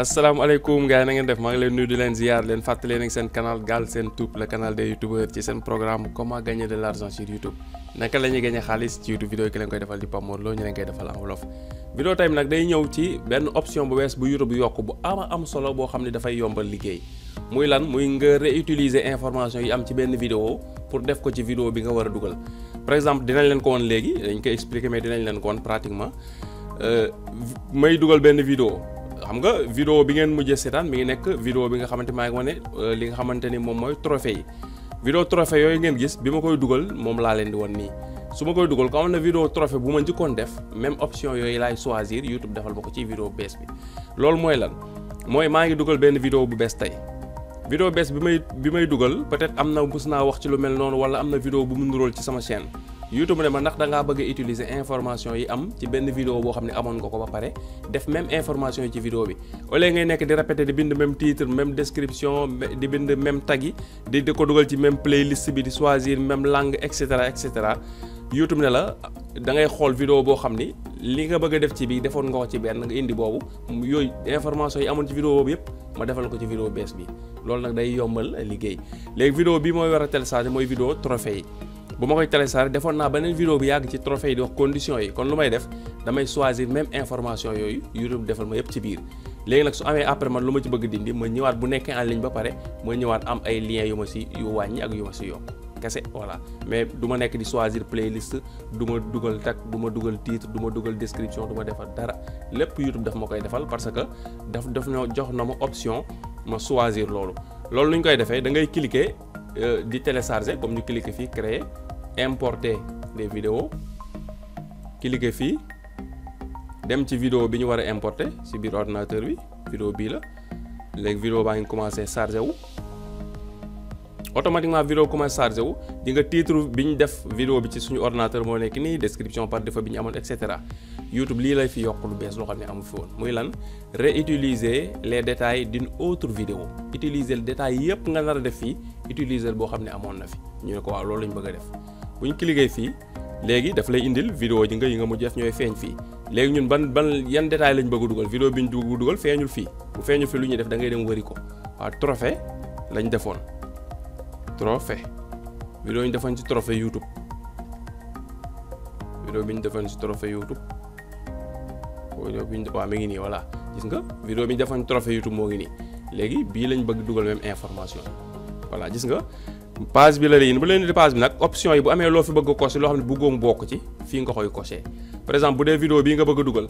asalaamaaleykum gars yi na ngeen def maa ngi leen nuyu di leen ziar leen fàttali leen seen canal Galsen Tube le canal des youtubeurs ci seen programme comment gagner de l'argent sur YouTube naka la ñuy gagner xaalis ci YouTube vidéo ki leen koy defal di Pape Mor Lo ñu leen koy defal en wolof. vidéo tey nag day ñëw ci benn option bu wees bu YouTube yokk bu ama am solo boo xam ne dafay yomba liggéey muy lan muy nga réutiliser information yi am ci benn vidéo pour def ko ci vidéo bi nga war a dugal par exemple dinañ leen ko woon léegi dañ koy expliquer mais dinañ leen ko woon pratiquement euh, may dugal benn vidéo xam nga vidéo bi ngeen mujjee seetaan mi ngi nekk vidéo bi nga xamante maa ngi wane euh, li nga xamante ni moom mooy trophée yi vidéo trophée yooyu ngeen gis bi ma koy dugal moom laa leen di wan nii su ma koy dugal ko am na vidéo trophée bu ma njëkkoon def même option yooyu laay choisir YouTube defal ma ko ci vidéo bees bi loolu mooy lan mooy maa ngi dugal benn vidéo bu bees tey vidéo bees bi may bi may dugal peut-être am na mës naa wax ci lu mel noonu wala am na vidéo bu mu nuróol ci sama chaîne YouTube ne ma ndax da bëgg utiliser information yi am ci benn vidéo boo xam ne amoon nga ko ba pare def même information yi ci vidéo bi au ngay nekk di répéter di bind même titre même description di bind même tag yi di di ko ci même playlist bi di même langue et cetera et cetera YouTube ne la da ngay xool vidéo boo xam ni li nga bëgg a def ci bii defoon nga ci benn nga indi boobu yooyu information yi amoon ci vidéo yëpp ma defal ko ci vidéo bees bi loolu nag day yombal liggéey léegi vidéo bi mooy war a télécharger mooy vidéo trophée yi. bu ma koy télécharger defoon naa beneen vidéo bu yàgg ci trophée yi di wax conditions yi kon lu may def damay choisir même information yooyu YouTube defal ma yëpp ci biir léegi nag su amee après man lu ma ci bëgg dindi ma ñëwaat bu nekkee en ligne ba pare ma ñëwaat am ay lien yu ma si yu wàññi ak yu ma si yokk kese voilà mais du ma nekk di choisir playlist du ma dugal tag du ma dugal titre du ma dugal description du ma defal dara lépp YouTube daf ma koy defal parce que daf daf na jox na ma option ma choisir loolu loolu lu ñu koy defee da ngay cliquer euh, di télécharger comme ñu cliquer fii créer importer des vidéos cliquer fii dem ci vidéo bi ñu war a importer si biir ordinateur bi vidéo bii la léegi vidéo baa ngi commencé chargé wu automatiquement vidéo commencé chargé wu di nga titre bi ñu def vidéo bi ci suñu ordinateur moo nekk nii description par défaut bi ñu amoon et cetera YouTube lii lay fi yokk lu bees loo xam ne amu fi woon muy lan réutiliser les détails d'une autre vidéo utiliser détails yëpp nga nar a def fii utiliser boo xam ne amoon na fi ñu ne ko waaw loolu lañu bëgg a def bu ñu cliquer fii léegi daf lay indil vidéo ji nga yi nga mu def ñooy feeñ fii léegi ñun ban ban yan détail lañ bëgg dugal vidéo bi ñu bëgg dugal feeñul fii bu feeñul fii lu ñuy def dangay ngay dem wëri ko waaw trophée lañ defoon trophée vidéo ñu ci trophée YouTube bi ñu defoon ci trophée YouTube vidéo bi ñu mi ngi nii voilà gis nga vidéo bi ñu defoon ci trophée YouTube moo ngi nii léegi bii lañ bëgg dugal même information voilà gis nga page bi la lay yéen bu leen di page bi nag option yi bu amee loo fi bëgg a loo xam ne bëggoo bokk ci fii nga koy coché par exemple bu dee vidéo bii nga bëgg a dugal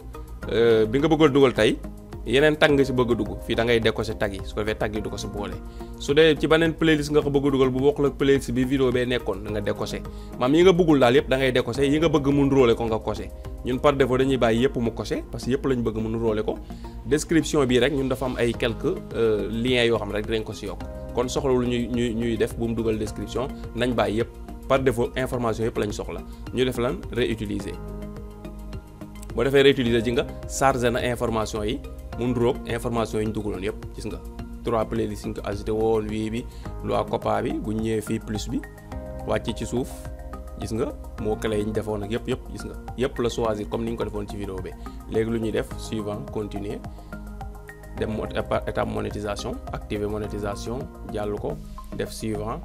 euh, bi nga bëggoon dugal tey yeneen tag nga si bëgg a dugg fii da ngay décoché tag yi su ko defee tag yi du ko si boole su dee ci beneen playlist nga ko bëgg a dugal bu bokkul ak playlist bi vidéo bee nekkoon da nga décoché maam yi nga bëggul daal yëpp da ngay décoché yi nga bëgg mun róole ko nga coché ñun par défaut dañuy bàyyi yëpp mu coché parce que yëpp lañ bëgg mun róole rek ñun dafa am ay quelques euh, liens yoo xam rek dañ ko si yokk kon soxlawul ñuy ñuy ñuy def bu mu dugal description nañ bàyyi yëpp par défaut information yëpp lañ soxla ñu def lan réutiliser boo defee réutiliser ji nga chargé na information yi mu nduróog information yi ñu dugaloon yëpp gis nga trois playlist yi ñu ko ajouté woon wii bi loi COPPA bi bu ñëwee fii plus bi wàcc ci suuf gis nga moo clé yi ñu defoon ak yëpp yëpp gis nga yëpp la choisir comme ni ñu ko defoon ci vidéo bi léegi lu ñuy def suivant continuer dem étape monétisation activer monétisation jàll ko def suivant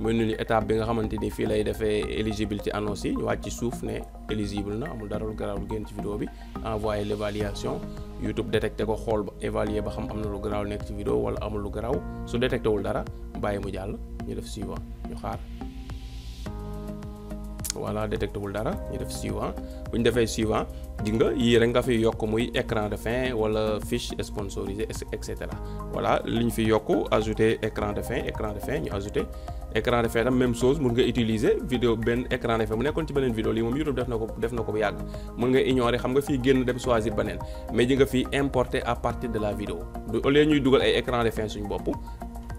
mooy nu ni étape bi nga xamante ni fii lay defee éligibilité annonce yi ñu wàcc ci suuf ne éligible na amul dara lu garaaw lu génn ci vidéo bi envoyé l' évaluation YouTube détecté ko xool ba évaluer ba xam am na lu garaaw nekk ci vidéo wala amul lu garaw su détecté wul dara bàyyi mu jàll ñu def suivant ñu xaar. voilà détecté wul dara ñu def suivant ah. bu ñu defee suivant ah, di nga yii rek nga fi yokk muy ecran de fin wala fiche sponsorisée et cetera voilà li ñu fi yokk ajouter écran de fin écran de fin ñu ajouter écran de fin tam même chose mun nga utiliser vidéo benn écran de fin mu ci beneen vidéo lii moom YouTube def na ko def na ko bu yàgg mun nga ignorer xam nga fii génn dem choisir beneen mais di nga fi importer à partir de la vidéo du ñuy dugal ay ecran de fin suñu bopp.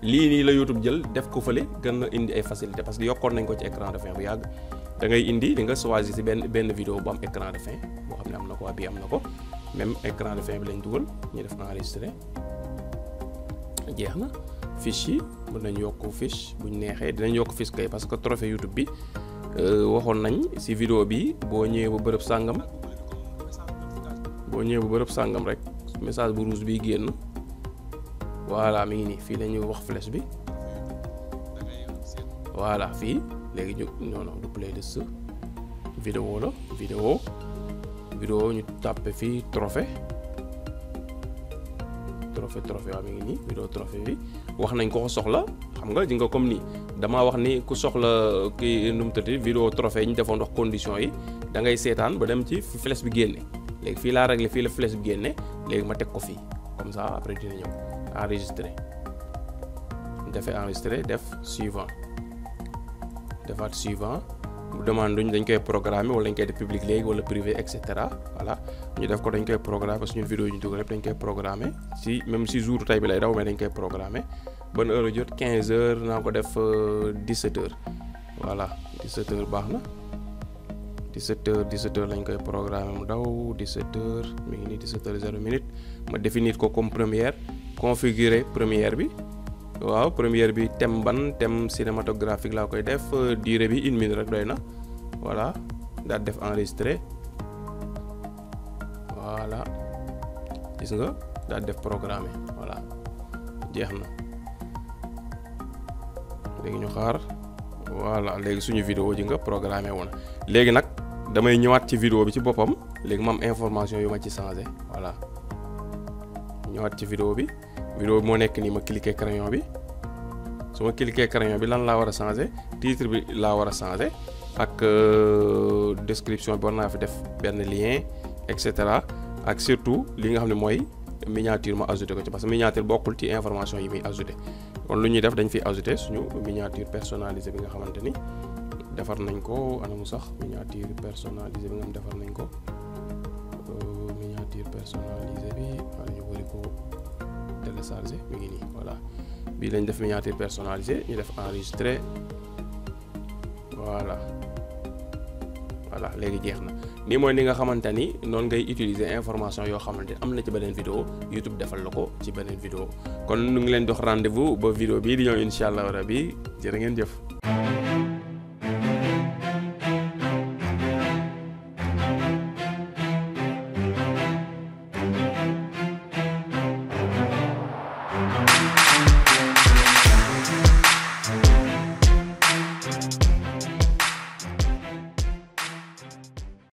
lii nii la YouTube jël def ko fële gën a indi ay facilité parce que yokkoon nañ ko ci écran de fin da ngay indi di nga choisir si benn benn vidéo bu am écran de fin boo xam ne am na ko bi am na ko même écran de fin bi lañ dugal ñu def enregistré jeex na fiche yi mën nañ yokk fiche buñ neexee dinañ yokk fiche parce que trophée YouTube bi euh, waxoon nañ si vidéo bi boo ñëwee ba bërëb sàngam boo ñëwee ba bërëb sàngam rek message bu ruus bi génn voilà mi ngi nii fii la ñuy wax flèche bi voilà fii léegi ñu non non du playlist vidéo la vidéo vidéo ñu tàppe fii trophée trophée trophée waaw mi ngi nii vidéo trophée bi wax nañ ko ko soxla xam nga di nga comme nii damaa wax ni ku soxla kii nu mu tëddee vidéo trophée ñu defoon ndox condition yi dangay seetaan ba dem ci flèche bi génne léegi fii laa réglé fii la flèche bi génne léegi ma teg ko fii comme ça après dina ñëw enregistré defee enregistré def suivant defaat suivant mu demande ñu dañ koy programme wala dañ koy def public léegi wala privé et cetera voilà ñu def ko dañ koy programme suñu vidéo ñu dugal lépp dañ koy programmer si même si jour tay bi lay daw mais dañ koy programmer ban heure jot quinze heures naa ko def 17 euh, heures voilà 17 heures baax na 17 heures 17 heures lañ koy programme mu ndaw 17 heures mu ngi nii 17 heures 0 minute ma définir ko comme première configurer première bi. waaw première bi thème ban thème cinématographique laa koy def euh, durée bi une minute rek doy na voilà daal def enregistré voilà gis nga daal def programmé voilà jeex na léegi ñu xaar voilà léegi suñu video ji nga programmé woon léegi nag damay ñëwaat ci vidéo bi ci boppam léegi ma am information yu ma ci changé voilà ñëwaat ci vidéo bi vidéo bi moo nekk nii ma cliquer crayon bi su ma cliquer crayon bi lan laa war a changer titre bi laa war a changer ak euh, description bi war naa fi def benn lien et cetera ak surtout li nga xam ne mooy miniature ma ajouté ko ci parce que miniature bokkul ci information yi muy ajouté kon lu ñuy def dañ fi ajouté suñu miniature personnalisée bi nga xamante ni defar nañ ko anamu sax miniature personnalisée bi nga xam defar nañ ko euh, miniature personnalisée bi wala ko. téléchargé mi ngi nii voilà bii lañ def miniature personnalisée ñu def enregistré voilà voilà léegi jeex na nii mooy ni nga xamante ni noonu ngay utiliser information yoo xamante am na ci beneen vidéo YouTube defal la ko ci beneen vidéo kon nu ngi leen dox rendez-vous ba vidéo bii di ñëw incha allah rabi jërë ngeen jëf.